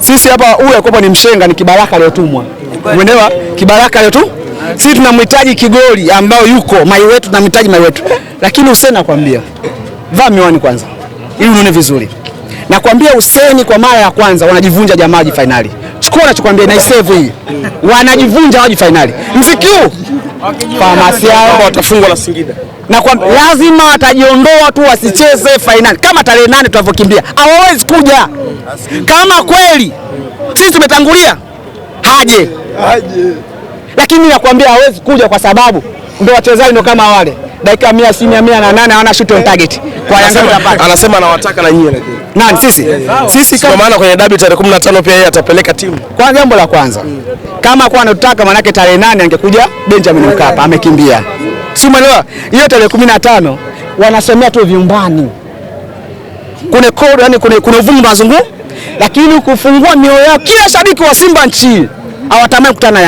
Sisi hapa huyu akopa ni mshenga, ni kibaraka aliyotumwa. Umeelewa? Kibaraka aliyotu. Sisi tunamhitaji kigoli ambao yuko mai wetu, tunamhitaji mai wetu. Lakini Hussein nakwambia, vaa miwani kwanza ili unione vizuri. Nakwambia Hussein kwa mara ya kwanza wanajivunja jamaa finali. Chukua unachokwambia na save hii. Wanajivunja waji finali. Mziki huu. Farmasi yao watafungwa na Singida na kwa oh. lazima watajiondoa tu wasicheze fainali kama tarehe nane tunavyokimbia, hawawezi kuja. Kama kweli sisi tumetangulia haje, lakini nakwambia hawezi kuja kwa sababu ndio wachezaji ndio kama wale dakika mia si mia mia na nane hawana shoot on target kwa Yanga utapata. Anasema anawataka na nyinyi nani? Sisi yeah, yeah. Sisi kama maana kwenye dabi tarehe 15 pia yeye atapeleka timu kwa jambo la kwanza mm. Kama kwa anataka manake tarehe nane angekuja Benjamin Mkapa, amekimbia si mwelewa. Hiyo tarehe kumi na tano wanasemea tu vyumbani, kuna kodi, yani kuna uvumu mazungu, lakini kufungua mioyo yao, kila shabiki wa Simba nchi hawatamani kukutana